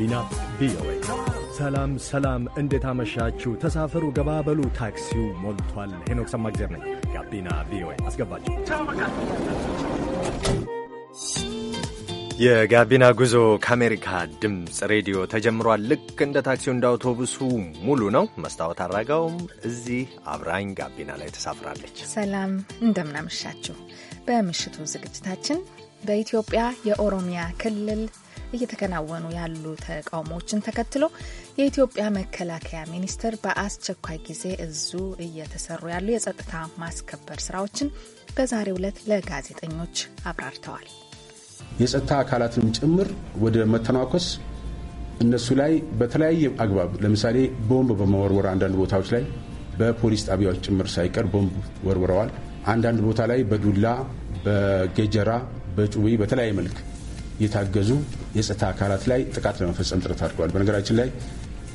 ጋቢና ቪኦኤ። ሰላም ሰላም፣ እንዴት አመሻችሁ? ተሳፈሩ፣ ገባበሉ፣ ታክሲው ሞልቷል። ሄኖክ ሰማግዜር ነኝ። ጋቢና ቪኦኤ አስገባችሁ። የጋቢና ጉዞ ከአሜሪካ ድምፅ ሬዲዮ ተጀምሯል። ልክ እንደ ታክሲው እንደ አውቶቡሱ ሙሉ ነው። መስታወት አድራጋውም እዚህ አብራኝ ጋቢና ላይ ተሳፍራለች። ሰላም እንደምናመሻችሁ። በምሽቱ ዝግጅታችን በኢትዮጵያ የኦሮሚያ ክልል እየተከናወኑ ያሉ ተቃውሞዎችን ተከትሎ የኢትዮጵያ መከላከያ ሚኒስቴር በአስቸኳይ ጊዜ እዙ እየተሰሩ ያሉ የጸጥታ ማስከበር ስራዎችን በዛሬው ዕለት ለጋዜጠኞች አብራርተዋል። የጸጥታ አካላትንም ጭምር ወደ መተናኮስ እነሱ ላይ በተለያየ አግባብ ለምሳሌ ቦምብ በመወርወር አንዳንድ ቦታዎች ላይ በፖሊስ ጣቢያዎች ጭምር ሳይቀር ቦምብ ወርውረዋል። አንዳንድ ቦታ ላይ በዱላ በገጀራ በጩቤ በተለያየ መልክ የታገዙ የጸጥታ አካላት ላይ ጥቃት ለመፈጸም ጥረት አድርገዋል። በነገራችን ላይ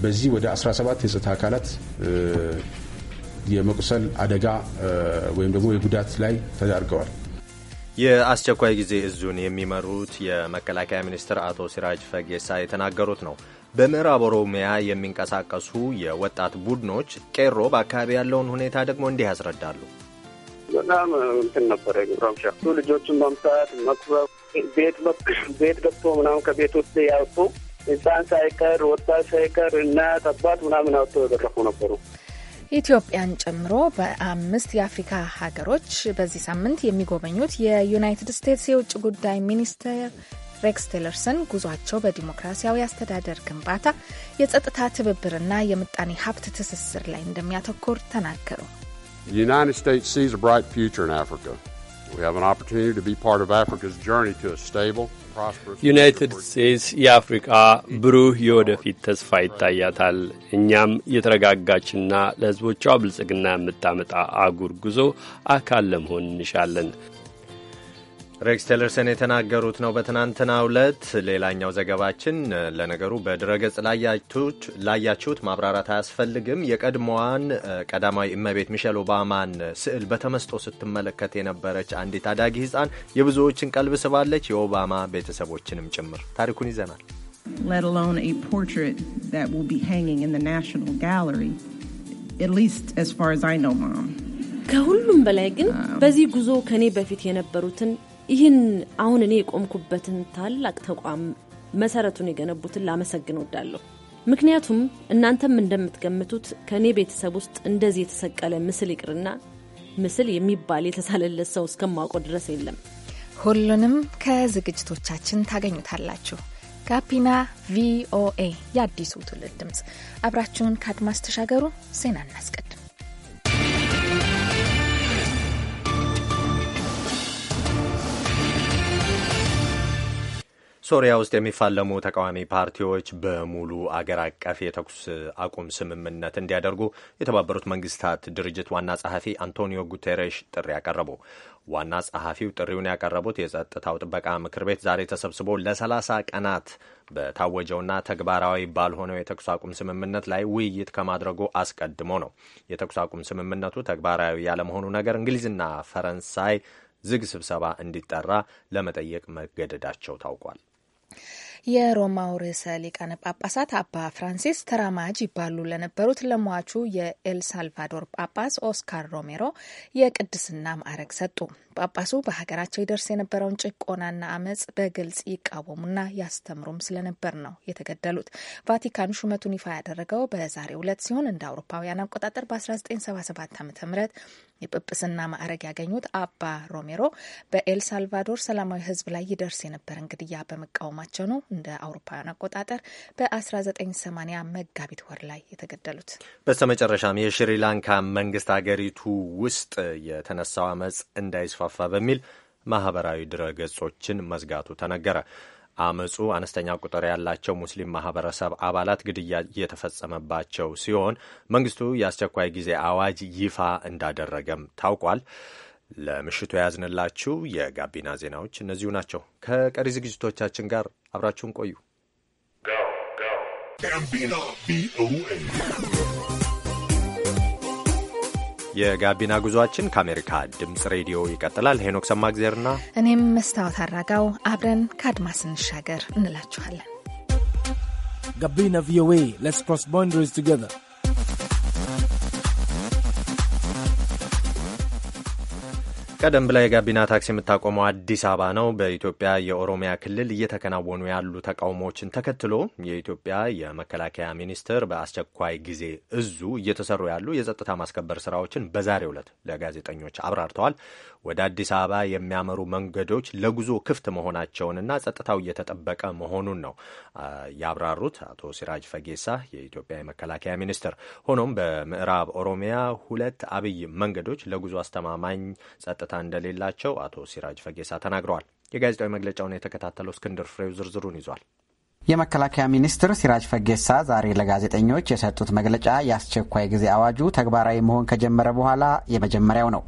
በዚህ ወደ 17 የጸጥታ አካላት የመቁሰል አደጋ ወይም ደግሞ የጉዳት ላይ ተዳርገዋል። የአስቸኳይ ጊዜ እዙን የሚመሩት የመከላከያ ሚኒስትር አቶ ሲራጅ ፈጌሳ የተናገሩት ነው። በምዕራብ ኦሮሚያ የሚንቀሳቀሱ የወጣት ቡድኖች ቄሮ በአካባቢ ያለውን ሁኔታ ደግሞ እንዲህ ያስረዳሉ። በጣም እንትን ነበረ ጉራምሻ እሱ ልጆቹን መምታት መክበብ፣ ቤት ቤት ገብቶ ምናምን ከቤት ውስጥ ያወጡ ህፃን ሳይቀር ወጣት ሳይቀር እናት አባት ምናምን አወጥቶ የደረፉ ነበሩ። ኢትዮጵያን ጨምሮ በአምስት የአፍሪካ ሀገሮች በዚህ ሳምንት የሚጎበኙት የዩናይትድ ስቴትስ የውጭ ጉዳይ ሚኒስትር ሬክስ ቴለርሰን ጉዟቸው በዲሞክራሲያዊ አስተዳደር ግንባታ፣ የጸጥታ ትብብርና የምጣኔ ሀብት ትስስር ላይ እንደሚያተኩር ተናገሩ። The United States sees a bright future in Africa. We have an opportunity to be part of Africa's journey to a stable ዩናይትድ ስቴትስ የአፍሪቃ ብሩህ የወደፊት ተስፋ ይታያታል። እኛም የተረጋጋችና ለሕዝቦቿ ብልጽግና የምታመጣ አጉር ጉዞ አካል ለመሆን እንሻለን። ሬክስ ቴለርሰን የተናገሩት ነው በትናንትናው ዕለት። ሌላኛው ዘገባችን ለነገሩ በድረገጽ ላያችሁት ማብራራት አያስፈልግም። የቀድሞዋን ቀዳማዊ እመቤት ሚሸል ኦባማን ስዕል በተመስጦ ስትመለከት የነበረች አንዲት አዳጊ ሕፃን የብዙዎችን ቀልብ ስባለች፣ የኦባማ ቤተሰቦችንም ጭምር። ታሪኩን ይዘናል። ከሁሉም በላይ ግን በዚህ ጉዞ ከኔ በፊት የነበሩትን ይህን አሁን እኔ የቆምኩበትን ታላቅ ተቋም መሰረቱን የገነቡትን ላመሰግን ወዳለሁ። ምክንያቱም እናንተም እንደምትገምቱት ከእኔ ቤተሰብ ውስጥ እንደዚህ የተሰቀለ ምስል ይቅርና ምስል የሚባል የተሳለለት ሰው እስከማውቀው ድረስ የለም። ሁሉንም ከዝግጅቶቻችን ታገኙታላችሁ። ጋቢና ቪኦኤ፣ የአዲሱ ትውልድ ድምፅ። አብራችሁን ከአድማስ ተሻገሩ። ዜና እናስቀድም። ሶሪያ ውስጥ የሚፋለሙ ተቃዋሚ ፓርቲዎች በሙሉ አገር አቀፍ የተኩስ አቁም ስምምነት እንዲያደርጉ የተባበሩት መንግስታት ድርጅት ዋና ጸሐፊ አንቶኒዮ ጉቴሬሽ ጥሪ ያቀረቡ። ዋና ጸሐፊው ጥሪውን ያቀረቡት የጸጥታው ጥበቃ ምክር ቤት ዛሬ ተሰብስቦ ለሰላሳ ቀናት በታወጀውና ተግባራዊ ባልሆነው የተኩስ አቁም ስምምነት ላይ ውይይት ከማድረጉ አስቀድሞ ነው። የተኩስ አቁም ስምምነቱ ተግባራዊ ያለመሆኑ ነገር እንግሊዝና ፈረንሳይ ዝግ ስብሰባ እንዲጠራ ለመጠየቅ መገደዳቸው ታውቋል። የሮማው ርዕሰ ሊቃነ ጳጳሳት አባ ፍራንሲስ ተራማጅ ይባሉ ለነበሩት ለሟቹ የኤልሳልቫዶር ጳጳስ ኦስካር ሮሜሮ የቅድስና ማዕረግ ሰጡ። ጳጳሱ በሀገራቸው ይደርስ የነበረውን ጭቆናና አመፅ በግልጽ ይቃወሙና ያስተምሩም ስለነበር ነው የተገደሉት። ቫቲካን ሹመቱን ይፋ ያደረገው በዛሬው ዕለት ሲሆን እንደ አውሮፓውያን አቆጣጠር በ1977 ዓ ም የጵጵስና ማዕረግ ያገኙት አባ ሮሜሮ በኤልሳልቫዶር ሰላማዊ ሕዝብ ላይ ይደርስ የነበረ እንግድያ በመቃወማቸው ነው እንደ አውሮፓውያን አቆጣጠር በ1980 መጋቢት ወር ላይ የተገደሉት። በስተ መጨረሻም የሽሪላንካ መንግስት ሀገሪቱ ውስጥ የተነሳው አመፅ እንዳይስፋ ተስፋፋ በሚል ማህበራዊ ድረገጾችን መዝጋቱ ተነገረ። አመጹ አነስተኛ ቁጥር ያላቸው ሙስሊም ማህበረሰብ አባላት ግድያ እየተፈጸመባቸው ሲሆን መንግስቱ የአስቸኳይ ጊዜ አዋጅ ይፋ እንዳደረገም ታውቋል። ለምሽቱ የያዝንላችሁ የጋቢና ዜናዎች እነዚሁ ናቸው። ከቀሪ ዝግጅቶቻችን ጋር አብራችሁን ቆዩ። የጋቢና ጉዟችን ከአሜሪካ ድምፅ ሬዲዮ ይቀጥላል። ሄኖክ ሰማግዜርና እኔም መስታወት አራጋው አብረን ከአድማስ እንሻገር እንላችኋለን። ጋቢና ቪኦኤ ስ ፕሮስ ባውንደሪስ ቱገር ቀደም ብላ የጋቢና ታክሲ የምታቆመው አዲስ አበባ ነው። በኢትዮጵያ የኦሮሚያ ክልል እየተከናወኑ ያሉ ተቃውሞዎችን ተከትሎ የኢትዮጵያ የመከላከያ ሚኒስቴር በአስቸኳይ ጊዜ እዙ እየተሰሩ ያሉ የጸጥታ ማስከበር ስራዎችን በዛሬው ዕለት ለጋዜጠኞች አብራርተዋል። ወደ አዲስ አበባ የሚያመሩ መንገዶች ለጉዞ ክፍት መሆናቸውንና ጸጥታው እየተጠበቀ መሆኑን ነው ያብራሩት አቶ ሲራጅ ፈጌሳ የኢትዮጵያ የመከላከያ ሚኒስትር። ሆኖም በምዕራብ ኦሮሚያ ሁለት አብይ መንገዶች ለጉዞ አስተማማኝ ጸጥታ እንደሌላቸው አቶ ሲራጅ ፈጌሳ ተናግረዋል። የጋዜጣዊ መግለጫውን የተከታተለው እስክንድር ፍሬው ዝርዝሩን ይዟል። የመከላከያ ሚኒስትር ሲራጅ ፈጌሳ ዛሬ ለጋዜጠኞች የሰጡት መግለጫ የአስቸኳይ ጊዜ አዋጁ ተግባራዊ መሆን ከጀመረ በኋላ የመጀመሪያው ነው።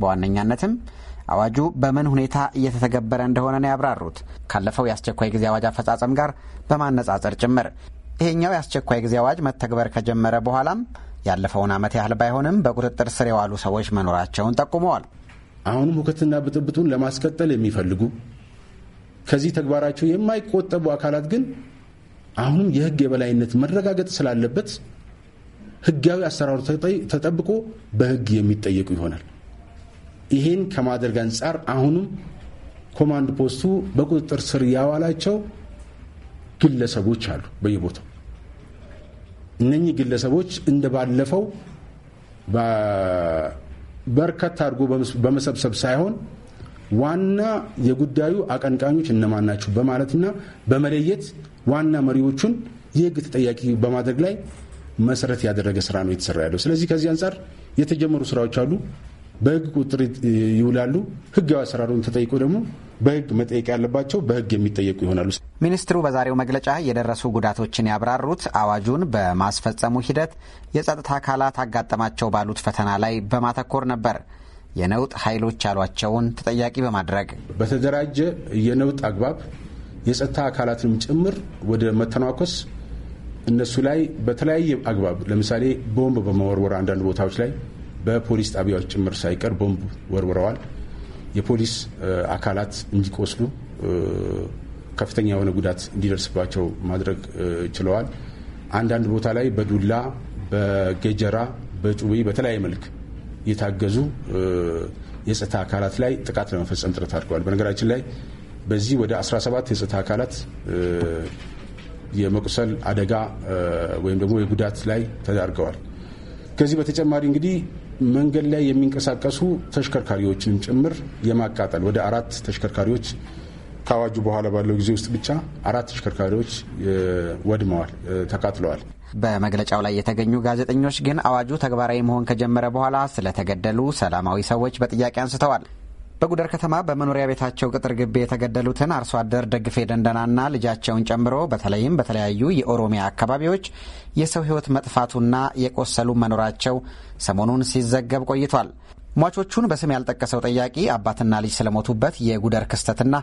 በዋነኛነትም አዋጁ በምን ሁኔታ እየተተገበረ እንደሆነ ነው ያብራሩት። ካለፈው የአስቸኳይ ጊዜ አዋጅ አፈጻጸም ጋር በማነጻጸር ጭምር ይሄኛው የአስቸኳይ ጊዜ አዋጅ መተግበር ከጀመረ በኋላም ያለፈውን ዓመት ያህል ባይሆንም በቁጥጥር ስር የዋሉ ሰዎች መኖራቸውን ጠቁመዋል። አሁንም ሁከትና ብጥብጡን ለማስቀጠል የሚፈልጉ ከዚህ ተግባራቸው የማይቆጠቡ አካላት ግን አሁንም የሕግ የበላይነት መረጋገጥ ስላለበት ሕጋዊ አሰራሩ ተጠብቆ በሕግ የሚጠየቁ ይሆናል። ይህን ከማድረግ አንጻር አሁንም ኮማንድ ፖስቱ በቁጥጥር ስር ያዋላቸው ግለሰቦች አሉ በየቦታው። እነኚህ ግለሰቦች እንደ ባለፈው በርከት አድርጎ በመሰብሰብ ሳይሆን ዋና የጉዳዩ አቀንቃኞች እነማን ናቸው በማለትና በመለየት ዋና መሪዎቹን የህግ ተጠያቂ በማድረግ ላይ መሰረት ያደረገ ስራ ነው የተሰራ ያለው። ስለዚህ ከዚህ አንጻር የተጀመሩ ስራዎች አሉ። በህግ ቁጥር ይውላሉ። ህጋዊ አሰራሩን ተጠይቆ ደግሞ በህግ መጠየቅ ያለባቸው በህግ የሚጠየቁ ይሆናሉ። ሚኒስትሩ በዛሬው መግለጫ የደረሱ ጉዳቶችን ያብራሩት አዋጁን በማስፈጸሙ ሂደት የጸጥታ አካላት አጋጠማቸው ባሉት ፈተና ላይ በማተኮር ነበር። የነውጥ ኃይሎች ያሏቸውን ተጠያቂ በማድረግ በተደራጀ የነውጥ አግባብ የጸጥታ አካላትንም ጭምር ወደ መተናኮስ እነሱ ላይ በተለያየ አግባብ ለምሳሌ ቦምብ በመወርወር አንዳንድ ቦታዎች ላይ በፖሊስ ጣቢያዎች ጭምር ሳይቀር ቦምብ ወርውረዋል። የፖሊስ አካላት እንዲቆስሉ ከፍተኛ የሆነ ጉዳት እንዲደርስባቸው ማድረግ ችለዋል። አንዳንድ ቦታ ላይ በዱላ በገጀራ በጩቤ በተለያየ መልክ የታገዙ የጸጥታ አካላት ላይ ጥቃት ለመፈጸም ጥረት አድርገዋል። በነገራችን ላይ በዚህ ወደ 17 የጸጥታ አካላት የመቁሰል አደጋ ወይም ደግሞ የጉዳት ላይ ተዳርገዋል። ከዚህ በተጨማሪ እንግዲህ መንገድ ላይ የሚንቀሳቀሱ ተሽከርካሪዎችንም ጭምር የማቃጠል ወደ አራት ተሽከርካሪዎች ከአዋጁ በኋላ ባለው ጊዜ ውስጥ ብቻ አራት ተሽከርካሪዎች ወድመዋል፣ ተቃጥለዋል። በመግለጫው ላይ የተገኙ ጋዜጠኞች ግን አዋጁ ተግባራዊ መሆን ከጀመረ በኋላ ስለተገደሉ ሰላማዊ ሰዎች በጥያቄ አንስተዋል። በጉደር ከተማ በመኖሪያ ቤታቸው ቅጥር ግቢ የተገደሉትን አርሶ አደር ደግፌ ደንደናና ልጃቸውን ጨምሮ በተለይም በተለያዩ የኦሮሚያ አካባቢዎች የሰው ሕይወት መጥፋቱና የቆሰሉ መኖራቸው ሰሞኑን ሲዘገብ ቆይቷል። ሟቾቹን በስም ያልጠቀሰው ጠያቂ አባትና ልጅ ስለሞቱበት የጉደር ክስተትና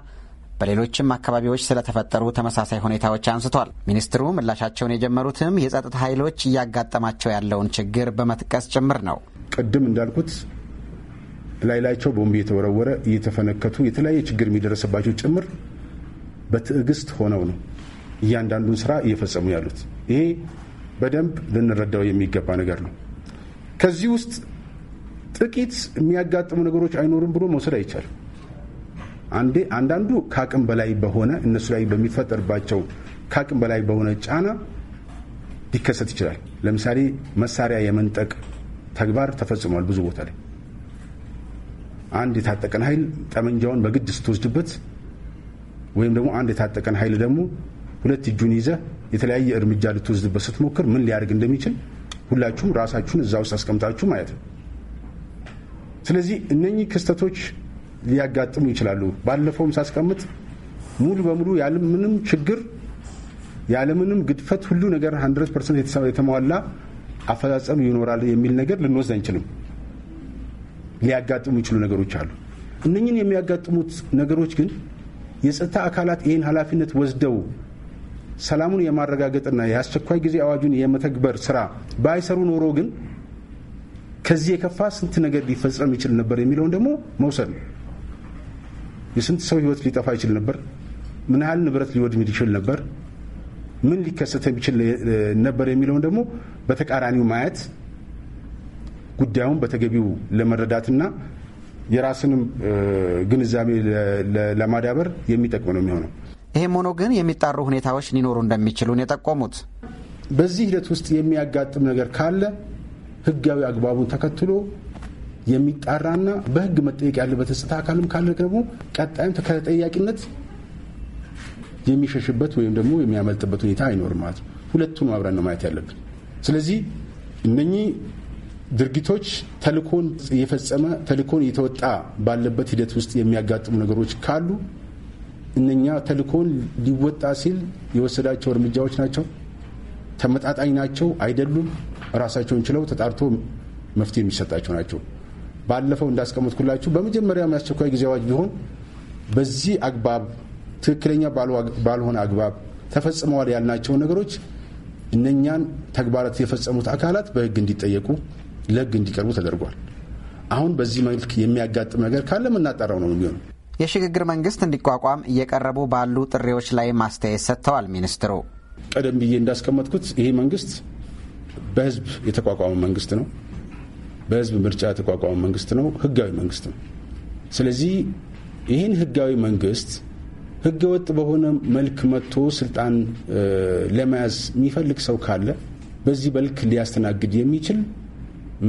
በሌሎችም አካባቢዎች ስለተፈጠሩ ተመሳሳይ ሁኔታዎች አንስቷል። ሚኒስትሩ ምላሻቸውን የጀመሩትም የጸጥታ ኃይሎች እያጋጠማቸው ያለውን ችግር በመጥቀስ ጭምር ነው። ቅድም እንዳልኩት ላይ ላቸው ቦምብ እየተወረወረ እየተፈነከቱ የተለያየ ችግር የሚደረስባቸው ጭምር በትዕግስት ሆነው ነው እያንዳንዱን ስራ እየፈጸሙ ያሉት። ይሄ በደንብ ልንረዳው የሚገባ ነገር ነው። ከዚህ ውስጥ ጥቂት የሚያጋጥሙ ነገሮች አይኖሩም ብሎ መውሰድ አይቻልም። አንዴ አንዳንዱ ከአቅም በላይ በሆነ እነሱ ላይ በሚፈጠርባቸው ከአቅም በላይ በሆነ ጫና ሊከሰት ይችላል። ለምሳሌ መሳሪያ የመንጠቅ ተግባር ተፈጽሟል ብዙ ቦታ ላይ አንድ የታጠቀን ኃይል ጠመንጃውን በግድ ስትወስድበት ወይም ደግሞ አንድ የታጠቀን ኃይል ደግሞ ሁለት እጁን ይዘ የተለያየ እርምጃ ልትወስድበት ስትሞክር ምን ሊያደርግ እንደሚችል ሁላችሁም ራሳችሁን እዛ ውስጥ አስቀምጣችሁ ማለት ነው። ስለዚህ እነኚህ ክስተቶች ሊያጋጥሙ ይችላሉ። ባለፈውም ሳስቀምጥ ሙሉ በሙሉ ያለምንም ችግር ያለምንም ግድፈት ሁሉ ነገር 100 ፐርሰንት የተሟላ አፈጻጸም ይኖራል የሚል ነገር ልንወስድ አንችልም። ሊያጋጥሙ ይችሉ ነገሮች አሉ። እነኝን የሚያጋጥሙት ነገሮች ግን የጸጥታ አካላት ይህን ኃላፊነት ወስደው ሰላሙን የማረጋገጥና የአስቸኳይ ጊዜ አዋጁን የመተግበር ስራ ባይሰሩ ኖሮ ግን ከዚህ የከፋ ስንት ነገር ሊፈጸም ይችል ነበር የሚለውን ደግሞ መውሰድ ነው። የስንት ሰው ህይወት ሊጠፋ ይችል ነበር? ምን ያህል ንብረት ሊወድም ይችል ነበር? ምን ሊከሰተም ይችል ነበር የሚለውን ደግሞ በተቃራኒው ማየት ጉዳዩን በተገቢው ለመረዳትና የራስንም ግንዛቤ ለማዳበር የሚጠቅም ነው የሚሆነው። ይህም ሆኖ ግን የሚጣሩ ሁኔታዎች ሊኖሩ እንደሚችሉን የጠቆሙት በዚህ ሂደት ውስጥ የሚያጋጥም ነገር ካለ ህጋዊ አግባቡን ተከትሎ የሚጣራና በህግ መጠየቅ ያለበት ስታ አካልም ካለ ደግሞ ቀጣይም ከተጠያቂነት የሚሸሽበት ወይም ደግሞ የሚያመልጥበት ሁኔታ አይኖርም ማለት ነው። ሁለቱን አብረን ነው ማየት ያለብን። ስለዚህ እነኚህ ድርጊቶች ተልኮን እየፈጸመ ተልኮን እየተወጣ ባለበት ሂደት ውስጥ የሚያጋጥሙ ነገሮች ካሉ እነኛ ተልኮን ሊወጣ ሲል የወሰዳቸው እርምጃዎች ናቸው። ተመጣጣኝ ናቸው አይደሉም። ራሳቸውን ችለው ተጣርቶ መፍትሄ የሚሰጣቸው ናቸው። ባለፈው እንዳስቀመጥኩላችሁ በመጀመሪያ የአስቸኳይ ጊዜ አዋጅ ቢሆን በዚህ አግባብ ትክክለኛ ባልሆነ አግባብ ተፈጽመዋል ያልናቸውን ነገሮች እነኛን ተግባራት የፈጸሙት አካላት በሕግ እንዲጠየቁ ለህግ እንዲቀርቡ ተደርጓል። አሁን በዚህ መልክ የሚያጋጥም ነገር ካለ የምናጠራው ነው የሚሆነው። የሽግግር መንግስት እንዲቋቋም እየቀረቡ ባሉ ጥሪዎች ላይ ማስተያየት ሰጥተዋል ሚኒስትሩ። ቀደም ብዬ እንዳስቀመጥኩት ይሄ መንግስት በህዝብ የተቋቋመ መንግስት ነው። በህዝብ ምርጫ የተቋቋመ መንግስት ነው። ህጋዊ መንግስት ነው። ስለዚህ ይህን ህጋዊ መንግስት ህገወጥ በሆነ መልክ መጥቶ ስልጣን ለመያዝ የሚፈልግ ሰው ካለ በዚህ መልክ ሊያስተናግድ የሚችል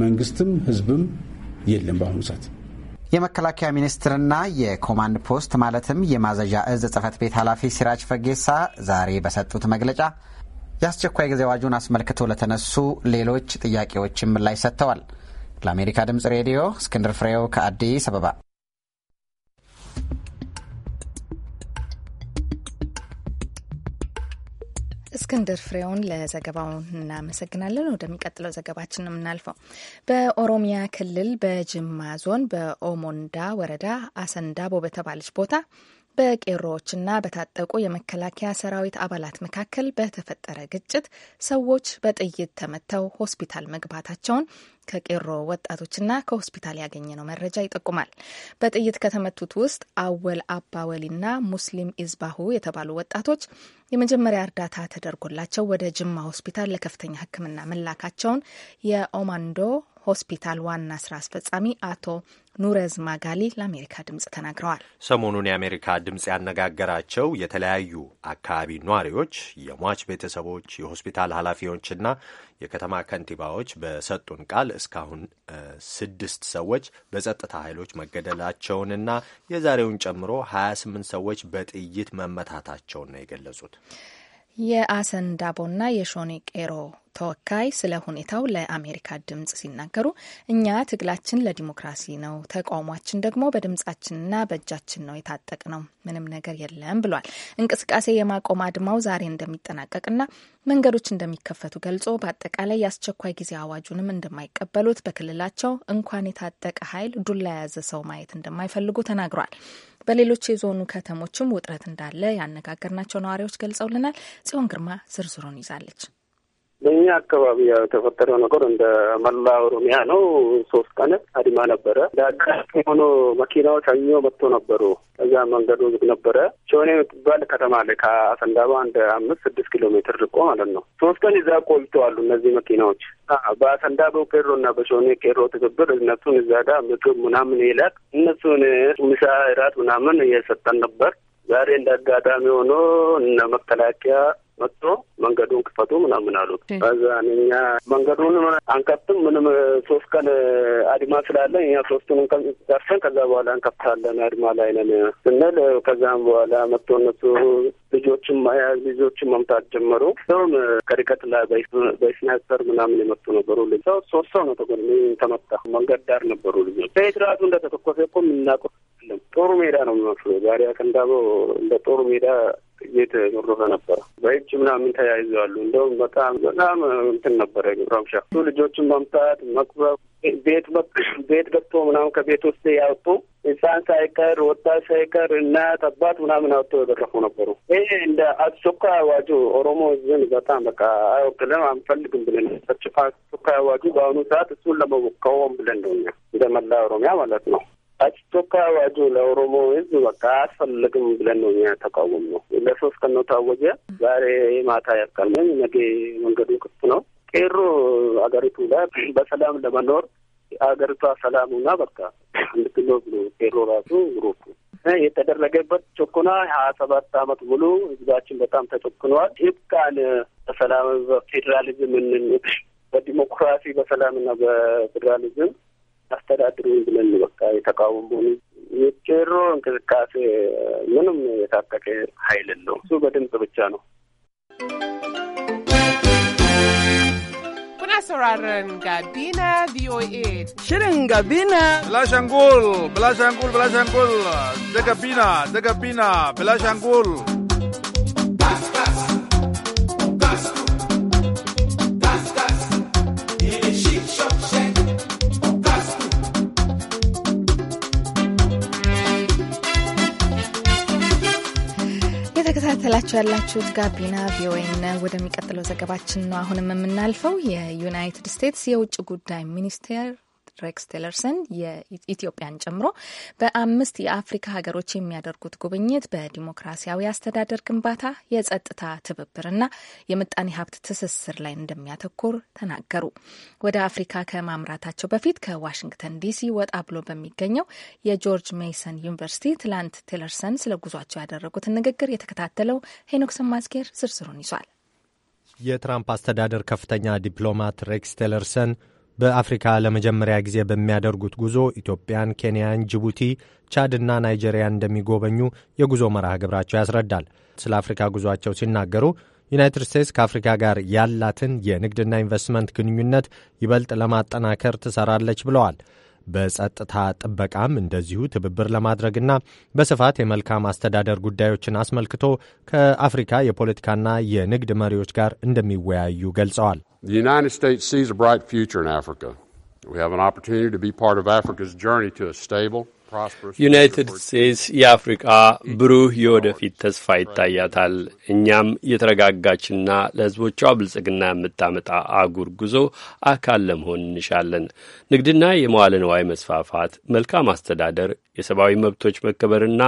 መንግስትም ህዝብም የለም በአሁኑ ሰዓት። የመከላከያ ሚኒስትርና የኮማንድ ፖስት ማለትም የማዘዣ እዝ ጽህፈት ቤት ኃላፊ ሲራጅ ፈጌሳ ዛሬ በሰጡት መግለጫ የአስቸኳይ ጊዜ አዋጁን አስመልክቶ ለተነሱ ሌሎች ጥያቄዎችም ምላሽ ሰጥተዋል። ለአሜሪካ ድምፅ ሬዲዮ እስክንድር ፍሬው ከአዲስ አበባ እስክንድር ፍሬውን ለዘገባው እናመሰግናለን። ወደሚቀጥለው ዘገባችን የምናልፈው በኦሮሚያ ክልል በጅማ ዞን በኦሞንዳ ወረዳ አሰንዳቦ በተባለች ቦታ በቄሮዎችና በታጠቁ የመከላከያ ሰራዊት አባላት መካከል በተፈጠረ ግጭት ሰዎች በጥይት ተመተው ሆስፒታል መግባታቸውን ከቄሮ ወጣቶችና ከሆስፒታል ያገኘነው መረጃ ይጠቁማል። በጥይት ከተመቱት ውስጥ አወል አባወሊና ሙስሊም ኢዝባሁ የተባሉ ወጣቶች የመጀመሪያ እርዳታ ተደርጎላቸው ወደ ጅማ ሆስፒታል ለከፍተኛ ሕክምና መላካቸውን የኦማንዶ ሆስፒታል ዋና ስራ አስፈጻሚ አቶ ኑረዝ ማጋሊ ለአሜሪካ ድምጽ ተናግረዋል። ሰሞኑን የአሜሪካ ድምጽ ያነጋገራቸው የተለያዩ አካባቢ ነዋሪዎች፣ የሟች ቤተሰቦች፣ የሆስፒታል ኃላፊዎችና የከተማ ከንቲባዎች በሰጡን ቃል እስካሁን ስድስት ሰዎች በጸጥታ ኃይሎች መገደላቸውንና የዛሬውን ጨምሮ 28 ሰዎች በጥይት መመታታቸውን ነው የገለጹት። የአሰን ዳቦና የሾኔ ቄሮ ተወካይ ስለ ሁኔታው ለአሜሪካ ድምጽ ሲናገሩ እኛ ትግላችን ለዲሞክራሲ ነው፣ ተቃውሟችን ደግሞ በድምጻችንና በእጃችን ነው የታጠቅ ነው፣ ምንም ነገር የለም ብሏል። እንቅስቃሴ የማቆም አድማው ዛሬ እንደሚጠናቀቅና መንገዶች እንደሚከፈቱ ገልጾ በአጠቃላይ የአስቸኳይ ጊዜ አዋጁንም እንደማይቀበሉት በክልላቸው እንኳን የታጠቀ ኃይል ዱላ የያዘ ሰው ማየት እንደማይፈልጉ ተናግሯል። በሌሎች የዞኑ ከተሞችም ውጥረት እንዳለ ያነጋገርናቸው ነዋሪዎች ገልጸውልናል። ጽዮን ግርማ ዝርዝሩን ይዛለች። በእኛ አካባቢ የተፈጠረው ነገር እንደ መላ ኦሮሚያ ነው። ሶስት ቀን አድማ ነበረ። ዳጋቂ ሆኖ መኪናዎች አኞ መጥቶ ነበሩ። እዛ መንገዱ ዝግ ነበረ። ሾኔ የምትባል ከተማ አለ። ከአሰንዳባ አንድ አምስት ስድስት ኪሎ ሜትር ርቆ ማለት ነው። ሶስት ቀን እዛ አሉ እነዚህ መኪናዎች። በአሰንዳባው ቄሮ እና በሾኔ ቄሮ ትብብር እነሱን እዛ ጋር ምግብ ምናምን ይላል እነሱን ምሳ፣ እራት ምናምን እየሰጠን ነበር። ዛሬ እንደ አጋጣሚ ሆኖ እነ መከላከያ መጥቶ መንገዱን ክፈቱ ምናምን አሉት። በዛን እኛ መንገዱን አንከፍትም ምንም ሶስት ቀን አድማ ስላለ እኛ ሶስቱን ደርሰን ከዛ በኋላ እንከፍታለን አድማ ላይ ነን ስንል ከዛም በኋላ መጥቶ እነሱ ልጆችን መያዝ ልጆችን መምታት ጀመሩ። ሰውም ከርቀት ላይ በስናይፐር ምናምን የመጡ ነበሩ። ልጅ ሰው ሶስት ሰው ነው ተጎድ ተመታ። መንገድ ዳር ነበሩ ልጆች። በስርአቱ እንደተተኮሰ እኮ የምናውቀው ጦሩ ሜዳ ነው የሚመስለው ዛሬ አቀንዳበው እንደ ጦሩ ሜዳ እየተወረረ ነበረ። በእጅ ምናምን ተያይዘ ያሉ እንደውም በጣም በጣም እንትን ነበረ ግብራምሻ ሱ ልጆችን መምታት መክበብ ቤት ቤት ገብቶ ምናምን ከቤት ውስጥ ያወጡ ህፃን ሳይቀር ወጣት ሳይቀር እናት አባት ምናምን አውጥቶ የደረፉ ነበሩ። ይህ እንደ አስቸኳይ አዋጁ ኦሮሞ ህዝብን በጣም በቃ አይወክልም አንፈልግም ብለን አስቸኳይ አዋጁ በአሁኑ ሰዓት እሱን ለመቃወም ብለን ነው እኛ እንደ መላ ኦሮሚያ ማለት ነው። አጭቶካ አዋጁ ለኦሮሞ ህዝብ በቃ አያስፈልግም ብለን ነው እኛ ተቃወም ነው። ለሶስት ቀን ነው ታወጀ። ዛሬ ማታ ያስቀልመኝ ነገ መንገዱ ክፍት ነው። ቄሮ አገሪቱ ላይ በሰላም ለመኖር አገሪቷ ሰላሙና በቃ እንድትኖር ብሎ ቄሮ ራሱ ግሩፕ የተደረገበት ጭቆና ሀያ ሰባት አመት ሙሉ ህዝባችን በጣም ተጨቁኗል። ህብቃን በሰላም በፌዴራሊዝም በዲሞክራሲ በሰላምና በፌዴራሊዝም አስተዳድሩን ብለን በቃ የተቃወሙን የቄሮ እንቅስቃሴ ምንም የታጠቀ ኃይል የለው። እሱ በድምጽ ብቻ ነው። Kuna sauraron Gabina VOA. Shirin Gabina. Bilashangul, Bilashangul, Bilashangul. Da Gabina, da Gabina, Bilashangul. እየተከታተላችሁ ያላችሁት ጋቢና ቪኦኤ ነው። ወደሚቀጥለው ዘገባችን ነው አሁንም የምናልፈው። የዩናይትድ ስቴትስ የውጭ ጉዳይ ሚኒስቴር ሬክስ ቴለርሰን የኢትዮጵያን ጨምሮ በአምስት የአፍሪካ ሀገሮች የሚያደርጉት ጉብኝት በዲሞክራሲያዊ አስተዳደር ግንባታ፣ የጸጥታ ትብብርና የምጣኔ ሀብት ትስስር ላይ እንደሚያተኩር ተናገሩ። ወደ አፍሪካ ከማምራታቸው በፊት ከዋሽንግተን ዲሲ ወጣ ብሎ በሚገኘው የጆርጅ ሜይሰን ዩኒቨርሲቲ ትላንት ቴለርሰን ስለ ጉዟቸው ያደረጉትን ንግግር የተከታተለው ሄኖክስን ማስጌር ዝርዝሩን ይዟል። የትራምፕ አስተዳደር ከፍተኛ ዲፕሎማት ሬክስ ቴለርሰን በአፍሪካ ለመጀመሪያ ጊዜ በሚያደርጉት ጉዞ ኢትዮጵያን፣ ኬንያን፣ ጅቡቲ፣ ቻድና ናይጄሪያን እንደሚጎበኙ የጉዞ መርሃ ግብራቸው ያስረዳል። ስለ አፍሪካ ጉዞቸው ሲናገሩ ዩናይትድ ስቴትስ ከአፍሪካ ጋር ያላትን የንግድና ኢንቨስትመንት ግንኙነት ይበልጥ ለማጠናከር ትሰራለች ብለዋል። በጸጥታ ጥበቃም እንደዚሁ ትብብር ለማድረግና በስፋት የመልካም አስተዳደር ጉዳዮችን አስመልክቶ ከአፍሪካ የፖለቲካና የንግድ መሪዎች ጋር እንደሚወያዩ ገልጸዋል። ዩናይትድ ዩናይትድ ስቴትስ የአፍሪቃ ብሩህ የወደፊት ተስፋ ይታያታል። እኛም የተረጋጋችና ለሕዝቦቿ ብልጽግና የምታመጣ አጉር ጉዞ አካል ለመሆን እንሻለን። ንግድና የመዋለ ንዋይ መስፋፋት፣ መልካም አስተዳደር፣ የሰብአዊ መብቶች መከበርና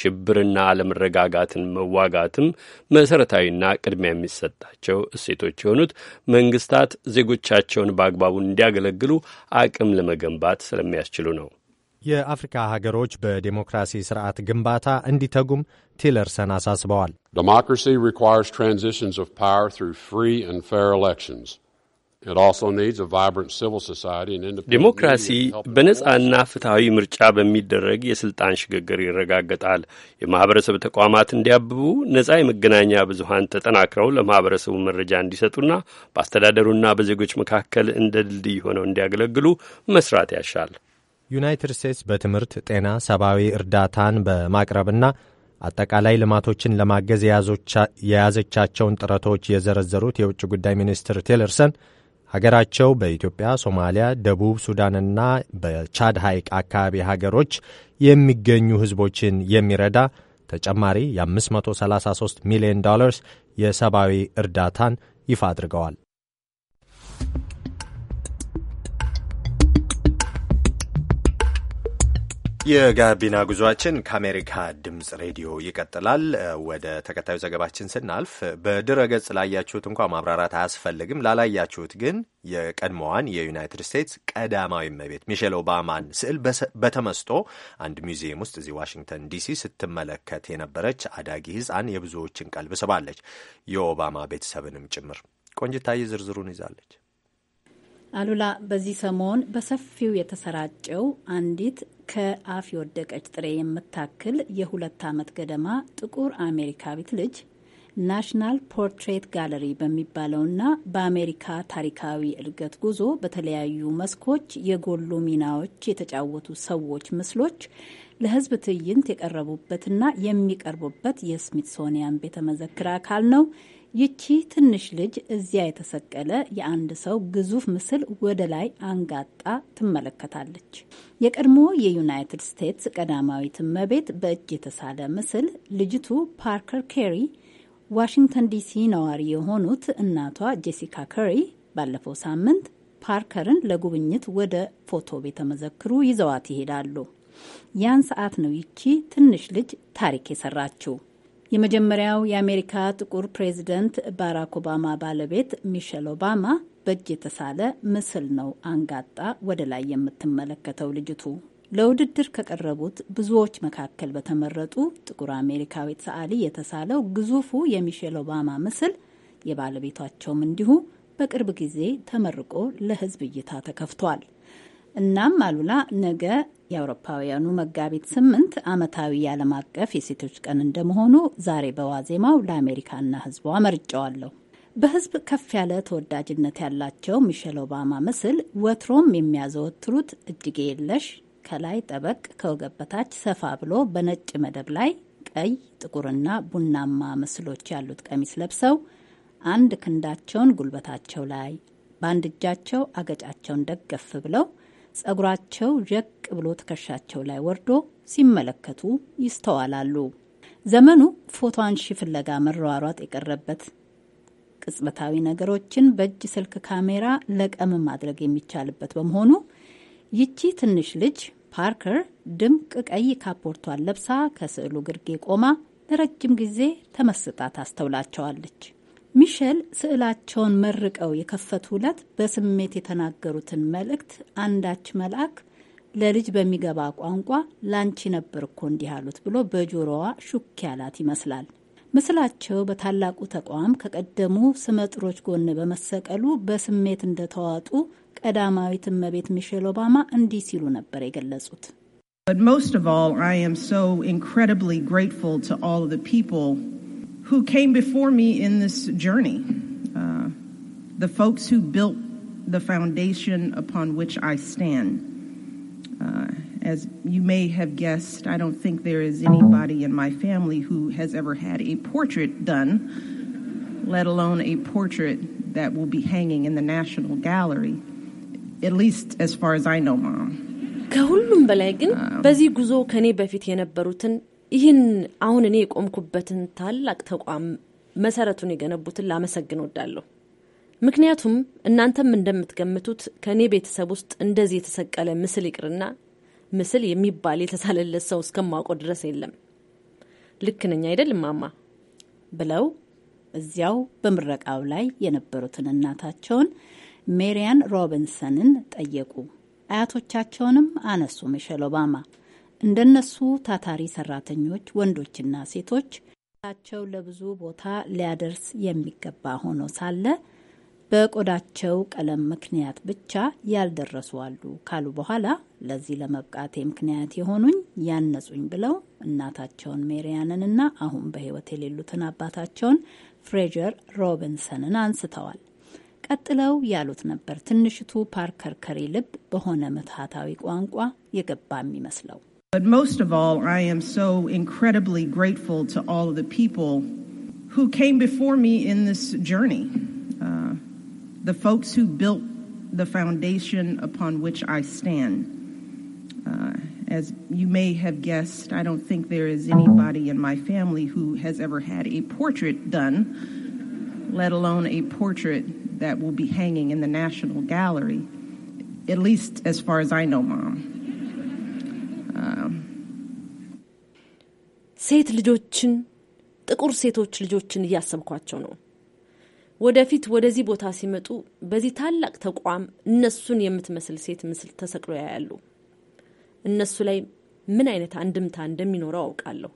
ሽብርና አለመረጋጋትን መዋጋትም መሠረታዊና ቅድሚያ የሚሰጣቸው እሴቶች የሆኑት መንግስታት ዜጎቻቸውን በአግባቡ እንዲያገለግሉ አቅም ለመገንባት ስለሚያስችሉ ነው። የአፍሪካ ሀገሮች በዴሞክራሲ ስርዓት ግንባታ እንዲተጉም ቲለርሰን አሳስበዋል። ዴሞክራሲ በነጻና ፍትሐዊ ምርጫ በሚደረግ የስልጣን ሽግግር ይረጋገጣል። የማህበረሰብ ተቋማት እንዲያብቡ፣ ነጻ የመገናኛ ብዙሀን ተጠናክረው ለማህበረሰቡ መረጃ እንዲሰጡና በአስተዳደሩና በዜጎች መካከል እንደ ድልድይ ሆነው እንዲያገለግሉ መስራት ያሻል። ዩናይትድ ስቴትስ በትምህርት፣ ጤና፣ ሰብአዊ እርዳታን በማቅረብና አጠቃላይ ልማቶችን ለማገዝ የያዘቻቸውን ጥረቶች የዘረዘሩት የውጭ ጉዳይ ሚኒስትር ቲለርሰን ሀገራቸው በኢትዮጵያ፣ ሶማሊያ፣ ደቡብ ሱዳንና በቻድ ሐይቅ አካባቢ ሀገሮች የሚገኙ ሕዝቦችን የሚረዳ ተጨማሪ የ533 ሚሊዮን ዶላርስ የሰብአዊ እርዳታን ይፋ አድርገዋል። የጋቢና ጉዟችን ከአሜሪካ ድምፅ ሬዲዮ ይቀጥላል። ወደ ተከታዩ ዘገባችን ስናልፍ በድረ ገጽ ላያችሁት እንኳ ማብራራት አያስፈልግም። ላላያችሁት ግን የቀድሞዋን የዩናይትድ ስቴትስ ቀዳማዊ እመቤት ሚሼል ኦባማን ስዕል በተመስጦ አንድ ሙዚየም ውስጥ እዚህ ዋሽንግተን ዲሲ ስትመለከት የነበረች አዳጊ ሕፃን የብዙዎችን ቀልብ ስባለች፣ የኦባማ ቤተሰብንም ጭምር። ቆንጅታዬ ዝርዝሩን ይዛለች። አሉላ በዚህ ሰሞን በሰፊው የተሰራጨው አንዲት ከአፍ የወደቀች ጥሬ የምታክል የሁለት ዓመት ገደማ ጥቁር አሜሪካዊት ልጅ ናሽናል ፖርትሬት ጋለሪ በሚባለውና በአሜሪካ ታሪካዊ እድገት ጉዞ በተለያዩ መስኮች የጎሉ ሚናዎች የተጫወቱ ሰዎች ምስሎች ለሕዝብ ትዕይንት የቀረቡበትና የሚቀርቡበት የስሚትሶኒያን ቤተ መዘክር አካል ነው። ይቺ ትንሽ ልጅ እዚያ የተሰቀለ የአንድ ሰው ግዙፍ ምስል ወደ ላይ አንጋጣ ትመለከታለች። የቀድሞ የዩናይትድ ስቴትስ ቀዳማዊት እመቤት በእጅ የተሳለ ምስል። ልጅቱ ፓርከር ኬሪ ዋሽንግተን ዲሲ ነዋሪ የሆኑት እናቷ ጄሲካ ከሪ ባለፈው ሳምንት ፓርከርን ለጉብኝት ወደ ፎቶ ቤተ መዘክሩ ይዘዋት ይሄዳሉ። ያን ሰዓት ነው ይቺ ትንሽ ልጅ ታሪክ የሰራችው። የመጀመሪያው የአሜሪካ ጥቁር ፕሬዚደንት ባራክ ኦባማ ባለቤት ሚሸል ኦባማ በእጅ የተሳለ ምስል ነው አንጋጣ ወደ ላይ የምትመለከተው ልጅቱ። ለውድድር ከቀረቡት ብዙዎች መካከል በተመረጡ ጥቁር አሜሪካዊት ሰዓሊ የተሳለው ግዙፉ የሚሼል ኦባማ ምስል የባለቤቷቸውም እንዲሁ በቅርብ ጊዜ ተመርቆ ለሕዝብ እይታ ተከፍቷል። እናም አሉላ ነገ የአውሮፓውያኑ መጋቢት ስምንት ዓመታዊ የዓለም አቀፍ የሴቶች ቀን እንደመሆኑ ዛሬ በዋዜማው ለአሜሪካና ሕዝቧ መርጨዋለሁ። በህዝብ ከፍ ያለ ተወዳጅነት ያላቸው ሚሸል ኦባማ ምስል ወትሮም የሚያዘወትሩት እጅጌ የለሽ ከላይ ጠበቅ ከወገብ በታች ሰፋ ብሎ በነጭ መደብ ላይ ቀይ ጥቁርና ቡናማ ምስሎች ያሉት ቀሚስ ለብሰው አንድ ክንዳቸውን ጉልበታቸው ላይ በአንድ እጃቸው አገጫቸውን ደገፍ ብለው ጸጉራቸው ዠቅ ብሎ ትከሻቸው ላይ ወርዶ ሲመለከቱ ይስተዋላሉ። ዘመኑ ፎቶ አንሺ ፍለጋ መሯሯጥ የቀረበት ቅጽበታዊ ነገሮችን በእጅ ስልክ ካሜራ ለቀም ማድረግ የሚቻልበት በመሆኑ ይቺ ትንሽ ልጅ ፓርከር ድምቅ ቀይ ካፖርቷን ለብሳ ከስዕሉ ግርጌ ቆማ ለረጅም ጊዜ ተመስጣ ታስተውላቸዋለች። ሚሸል ስዕላቸውን መርቀው የከፈቱ ዕለት በስሜት የተናገሩትን መልእክት አንዳች መልአክ ለልጅ በሚገባ ቋንቋ ላንቺ ነበር እኮ እንዲህ አሉት ብሎ በጆሮዋ ሹክ ያላት ይመስላል። ምስላቸው በታላቁ ተቋም ከቀደሙ ስመጥሮች ጎን በመሰቀሉ በስሜት እንደተዋጡ ቀዳማዊት እመቤት ሚሼል ኦባማ እንዲህ ሲሉ ነበር የገለጹት። But most of all, I am so incredibly grateful to all of the people who came before me in this journey, uh, the folks who built the foundation upon which I stand. Uh, as you may have guessed, I don't think there is anybody in my family who has ever had a portrait done, let alone a portrait that will be hanging in the National Gallery, at least as far as I know, Mom. ከሁሉም በላይ ግን um, በዚህ ጉዞ ከኔ በፊት የነበሩትን ይህን አሁን እኔ የቆምኩበትን ታላቅ ተቋም መሰረቱን የገነቡትን ላመሰግን ወዳለሁ። ምክንያቱም እናንተም እንደምትገምቱት ከእኔ ቤተሰብ ውስጥ እንደዚህ የተሰቀለ ምስል ይቅርና ምስል የሚባል የተሳለለት ሰው እስከማውቆ ድረስ የለም። ልክ ነኝ አይደል ማማ? ብለው እዚያው በምረቃው ላይ የነበሩትን እናታቸውን ሜሪያን ሮቢንሰንን ጠየቁ። አያቶቻቸውንም አነሱ። ሚሸል ኦባማ እንደነሱ ታታሪ ሰራተኞች ወንዶችና ሴቶች ቸው ለብዙ ቦታ ሊያደርስ የሚገባ ሆኖ ሳለ በቆዳቸው ቀለም ምክንያት ብቻ ያልደረሱ አሉ ካሉ በኋላ ለዚህ ለመብቃቴ ምክንያት የሆኑኝ ያነጹኝ ብለው እናታቸውን ሜሪያንንና አሁን በሕይወት የሌሉትን አባታቸውን ፍሬጀር ሮቢንሰንን አንስተዋል። ቀጥለው ያሉት ነበር ትንሽቱ ፓርከር ከሪ ልብ በሆነ ምትሃታዊ ቋንቋ የገባ የሚመስለው But most of all, I am so incredibly grateful to all of the people who came before me in this journey, uh, the folks who built the foundation upon which I stand. Uh, as you may have guessed, I don't think there is anybody in my family who has ever had a portrait done, let alone a portrait that will be hanging in the National Gallery, at least as far as I know, Mom. ሴት ልጆችን ጥቁር ሴቶች ልጆችን እያሰብኳቸው ነው። ወደፊት ወደዚህ ቦታ ሲመጡ በዚህ ታላቅ ተቋም እነሱን የምትመስል ሴት ምስል ተሰቅሎ ያያሉ። እነሱ ላይ ምን አይነት አንድምታ እንደሚኖረው አውቃለሁ።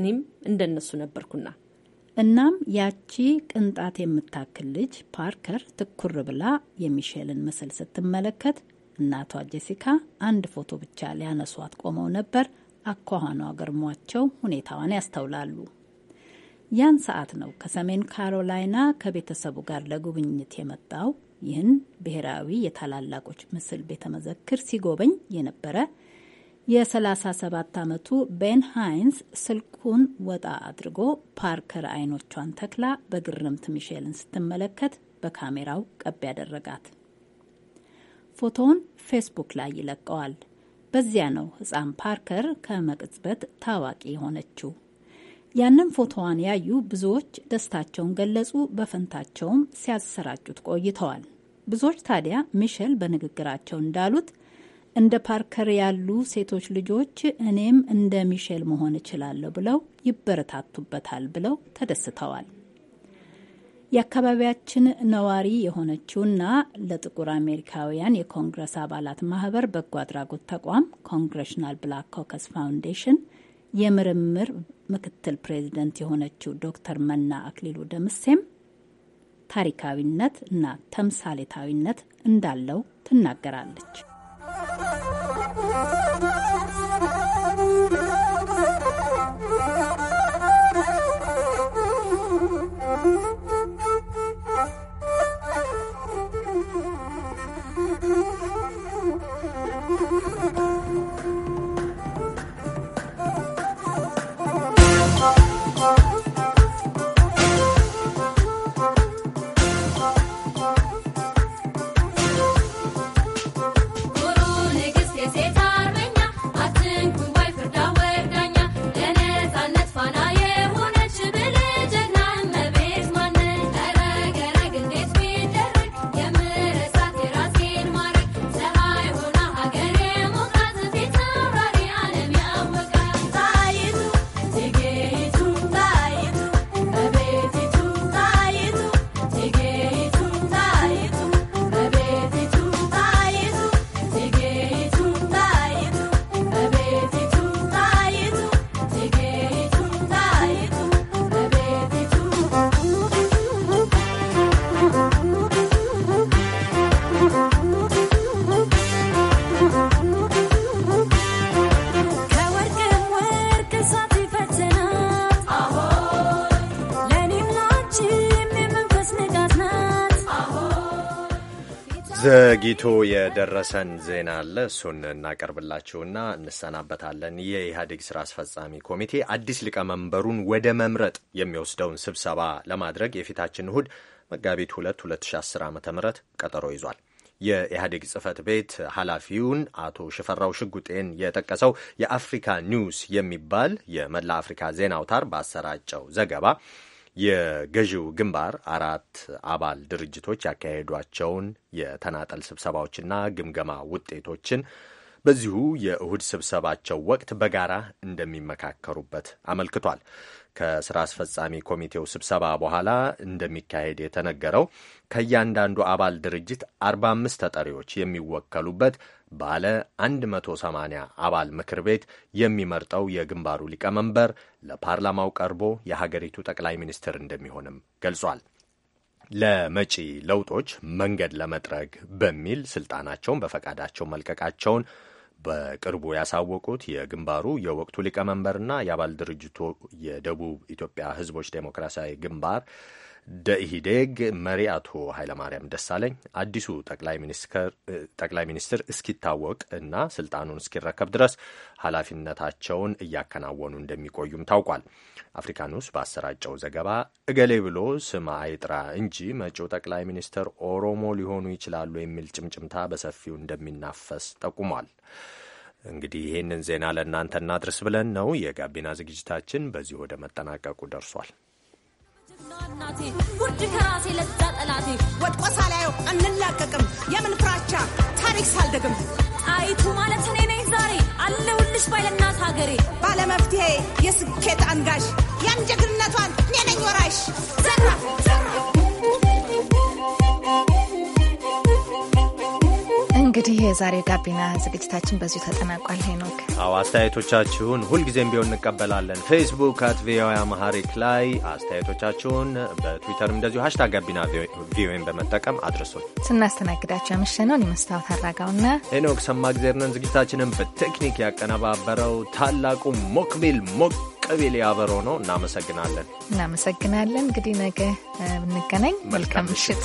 እኔም እንደነሱ ነበርኩና። እናም ያቺ ቅንጣት የምታክል ልጅ ፓርከር ትኩር ብላ የሚሼልን ምስል ስትመለከት እናቷ ጄሲካ አንድ ፎቶ ብቻ ሊያነሷት ቆመው ነበር። አኳኋኗ ገርሟቸው ሁኔታዋን ያስተውላሉ። ያን ሰዓት ነው ከሰሜን ካሮላይና ከቤተሰቡ ጋር ለጉብኝት የመጣው። ይህን ብሔራዊ የታላላቆች ምስል ቤተ መዘክር ሲጎበኝ የነበረ የ37 ዓመቱ ቤን ሃይንስ ስልኩን ወጣ አድርጎ ፓርከር አይኖቿን ተክላ በግርምት ሚሼልን ስትመለከት በካሜራው ቀብ ያደረጋት ፎቶውን ፌስቡክ ላይ ይለቀዋል። በዚያ ነው ህፃን ፓርከር ከመቅጽበት ታዋቂ የሆነችው። ያንን ፎቶዋን ያዩ ብዙዎች ደስታቸውን ገለጹ። በፈንታቸውም ሲያሰራጩት ቆይተዋል። ብዙዎች ታዲያ ሚሸል በንግግራቸው እንዳሉት እንደ ፓርከር ያሉ ሴቶች ልጆች እኔም እንደ ሚሼል መሆን እችላለሁ ብለው ይበረታቱበታል ብለው ተደስተዋል። የአካባቢያችን ነዋሪ የሆነችውና ለጥቁር አሜሪካውያን የኮንግረስ አባላት ማህበር በጎ አድራጎት ተቋም ኮንግረሽናል ብላክ ኮከስ ፋውንዴሽን የምርምር ምክትል ፕሬዚደንት የሆነችው ዶክተር መና አክሊሉ ደምሴም ታሪካዊነት እና ተምሳሌታዊነት እንዳለው ትናገራለች። የደረሰን ዜና አለ። እሱን እናቀርብላችሁና እንሰናበታለን። የኢህአዴግ ስራ አስፈጻሚ ኮሚቴ አዲስ ሊቀመንበሩን ወደ መምረጥ የሚወስደውን ስብሰባ ለማድረግ የፊታችን እሁድ መጋቢት 2 2010 ዓ ም ቀጠሮ ይዟል። የኢህአዴግ ጽህፈት ቤት ኃላፊውን አቶ ሽፈራው ሽጉጤን የጠቀሰው የአፍሪካ ኒውስ የሚባል የመላ አፍሪካ ዜና አውታር ባሰራጨው ዘገባ የገዢው ግንባር አራት አባል ድርጅቶች ያካሄዷቸውን የተናጠል ስብሰባዎችና ግምገማ ውጤቶችን በዚሁ የእሁድ ስብሰባቸው ወቅት በጋራ እንደሚመካከሩበት አመልክቷል። ከስራ አስፈጻሚ ኮሚቴው ስብሰባ በኋላ እንደሚካሄድ የተነገረው ከእያንዳንዱ አባል ድርጅት አርባ አምስት ተጠሪዎች የሚወከሉበት ባለ 180 አባል ምክር ቤት የሚመርጠው የግንባሩ ሊቀመንበር ለፓርላማው ቀርቦ የሀገሪቱ ጠቅላይ ሚኒስትር እንደሚሆንም ገልጿል። ለመጪ ለውጦች መንገድ ለመጥረግ በሚል ስልጣናቸውን በፈቃዳቸው መልቀቃቸውን በቅርቡ ያሳወቁት የግንባሩ የወቅቱ ሊቀመንበርና የአባል ድርጅቱ የደቡብ ኢትዮጵያ ሕዝቦች ዴሞክራሲያዊ ግንባር ደኢህዴግ መሪ አቶ ኃይለማርያም ደሳለኝ አዲሱ ጠቅላይ ሚኒስትር እስኪታወቅ እና ስልጣኑን እስኪረከብ ድረስ ኃላፊነታቸውን እያከናወኑ እንደሚቆዩም ታውቋል። አፍሪካ ኒውስ ባሰራጨው ዘገባ እገሌ ብሎ ስም አይጥራ እንጂ መጪው ጠቅላይ ሚኒስትር ኦሮሞ ሊሆኑ ይችላሉ የሚል ጭምጭምታ በሰፊው እንደሚናፈስ ጠቁሟል። እንግዲህ ይህንን ዜና ለእናንተ እናድርስ ብለን ነው የጋቢና ዝግጅታችን በዚህ ወደ መጠናቀቁ ደርሷል። ውድ ከራሴ ለዛ ጠላቴ ወድቆ ሳላየው አንላቀቅም። የምን ፍራቻ ታሪክ ሳልደግም ጣይቱ ማለት እኔ ነኝ ዛሬ አለሁልሽ ባይለናት ሀገሬ ባለመፍትሄ የስኬት አንጋሽ ያን ጀግንነቷን እኔ ነኝ ወራሽ ዘራ እንግዲህ የዛሬ ጋቢና ዝግጅታችን በዚሁ ተጠናቋል። ሄኖክ አዎ፣ አስተያየቶቻችሁን ሁልጊዜም ቢሆን እንቀበላለን። ፌስቡክ አት ቪኦኤ አማሃሪክ ላይ አስተያየቶቻችሁን፣ በትዊተርም እንደዚሁ ሀሽታግ ጋቢና ቪኦኤን በመጠቀም አድርሱን። ስናስተናግዳቸው ያመሸነውን የመስታወት አራጋውና ሄኖክ ሰማግዜርነን ዝግጅታችንን በቴክኒክ ያቀነባበረው ታላቁ ሞክቢል ሞክ ቅቤል ያበሮ ነው። እናመሰግናለን፣ እናመሰግናለን። እንግዲህ ነገ ብንገናኝ መልካም ምሽት።